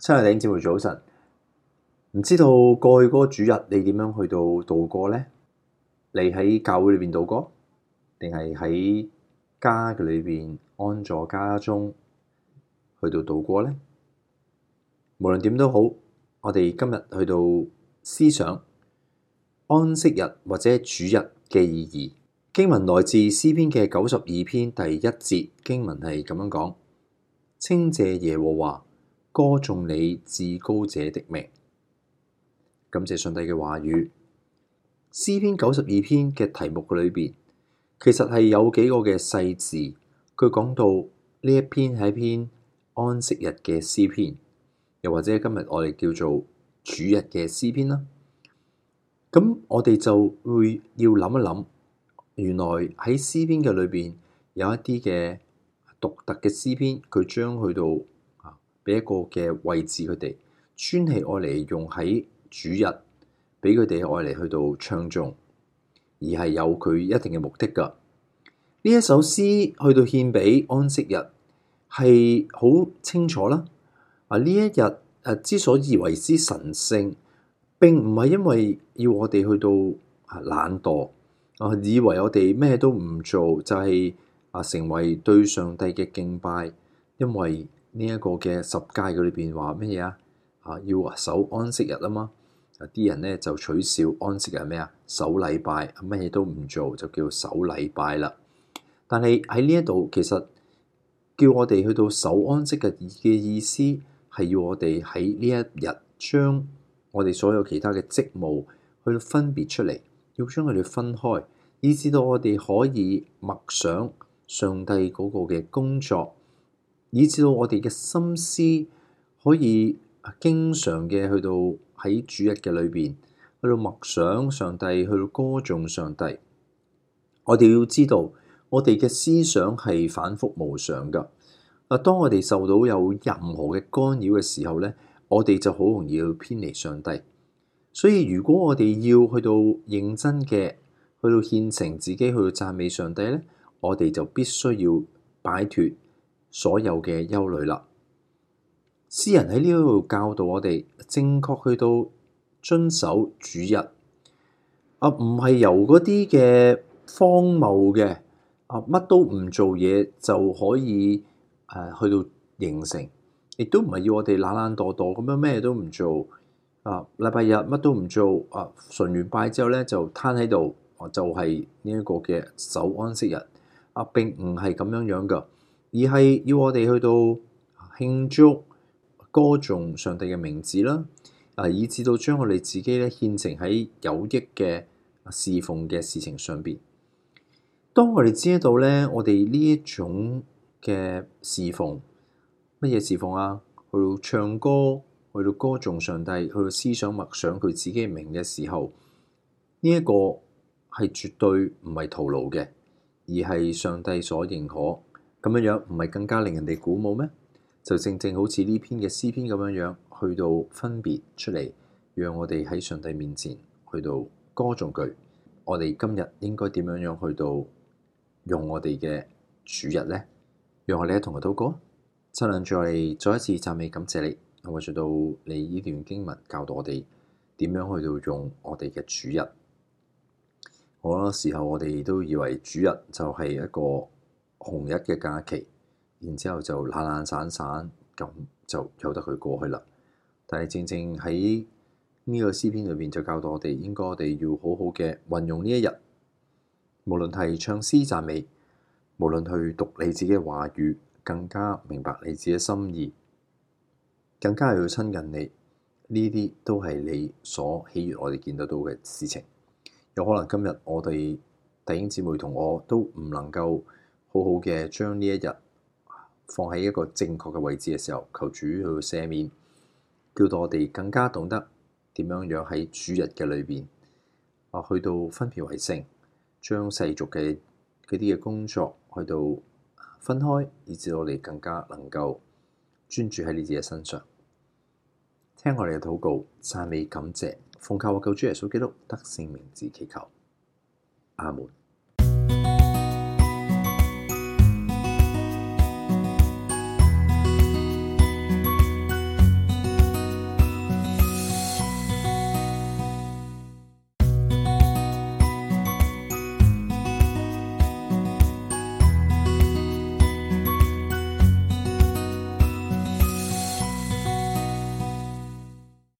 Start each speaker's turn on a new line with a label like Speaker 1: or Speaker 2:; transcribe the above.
Speaker 1: 親愛的弟兄姊妹早晨，唔知道過去嗰個主日你點樣去到度過呢？你喺教會裏邊度過，定係喺家嘅裏邊安坐家中去到度過呢？無論點都好，我哋今日去到思想安息日或者主日嘅意義。經文來自詩篇嘅九十二篇第一節，經文係咁樣講：稱謝耶和華。歌頌你至高者的名，感謝上帝嘅話語。詩篇九十二篇嘅題目嘅裏邊，其實係有幾個嘅細字。佢講到呢一篇係一篇安息日嘅詩篇，又或者今日我哋叫做主日嘅詩篇啦。咁我哋就會要諗一諗，原來喺詩篇嘅裏邊有一啲嘅獨特嘅詩篇，佢將去到。俾一個嘅位置佢哋專係愛嚟用喺主日，畀佢哋愛嚟去到唱頌，而係有佢一定嘅目的，的。噶呢一首詩去到獻畀安息日係好清楚啦。啊，呢一日、啊、之所以為之神聖，並唔係因為要我哋去到啊懶惰啊，以為我哋咩都唔做就係、是、啊成為對上帝嘅敬拜，因為，呢一個嘅十戒嗰裏邊話乜嘢啊？啊，要守安息日啦嘛。啊，啲人咧就取笑安息日係咩啊？守禮拜乜嘢都唔做就叫守禮拜啦。但係喺呢一度，其實叫我哋去到守安息日嘅意思係要我哋喺呢一日將我哋所有其他嘅職務去分別出嚟，要將佢哋分開，以至到我哋可以默想上帝嗰個嘅工作。以至到我哋嘅心思可以經常嘅去到喺主日嘅裏邊去到默想上帝，去到歌頌上帝。我哋要知道，我哋嘅思想係反覆無常噶。嗱，當我哋受到有任何嘅干擾嘅時候咧，我哋就好容易要偏離上帝。所以如果我哋要去到認真嘅去到獻呈自己去到讚美上帝咧，我哋就必須要擺脫。所有嘅憂慮啦，詩人喺呢度教導我哋正確去到遵守主日啊，唔係由嗰啲嘅荒謬嘅啊，乜都唔做嘢就可以誒、啊、去到形成，亦都唔係要我哋懶懶惰惰咁樣咩都唔做啊，禮拜日乜都唔做啊，順完拜之後咧就攤喺度，就係呢一個嘅守安息日啊，並唔係咁樣樣噶。而係要我哋去到慶祝歌頌上帝嘅名字啦，啊，以至到將我哋自己咧獻呈喺有益嘅侍奉嘅事情上邊。當我哋知道咧，我哋呢一種嘅侍奉，乜嘢侍奉啊？去到唱歌，去到歌頌上帝，去到思想默想佢自己嘅名嘅時候，呢一個係絕對唔係徒勞嘅，而係上帝所認可。咁樣樣唔係更加令人哋鼓舞咩？就正正好似呢篇嘅詩篇咁樣樣，去到分別出嚟，讓我哋喺上帝面前去到歌頌佢。我哋今日應該點樣樣去到用我哋嘅主日咧？讓我哋一同禱告。趁兩次我哋再一次讚美感謝你，我哋做到你呢段經文教導我哋點樣去到用我哋嘅主日。好多時候我哋都以為主日就係一個。紅日嘅假期，然之後就懶懶散散咁就由得佢過去啦。但係正正喺呢個詩篇裏面，就教導我哋，應該我哋要好好嘅運用呢一日，無論係唱詩讚美，無論去讀你自己嘅話語，更加明白你自己嘅心意，更加係要親近你，呢啲都係你所喜悅，我哋見得到嘅事情。有可能今日我哋弟兄姊妹同我都唔能夠。好好嘅，將呢一日放喺一個正確嘅位置嘅時候，求主去赦免，叫到我哋更加懂得點樣樣喺主日嘅裏邊，啊去到分秒為勝，將世俗嘅嗰啲嘅工作去到分開，以致我哋更加能夠專注喺你自己身上，聽我哋嘅禱告，讚美感謝，奉靠我救主耶穌基督得勝名字祈求，阿門。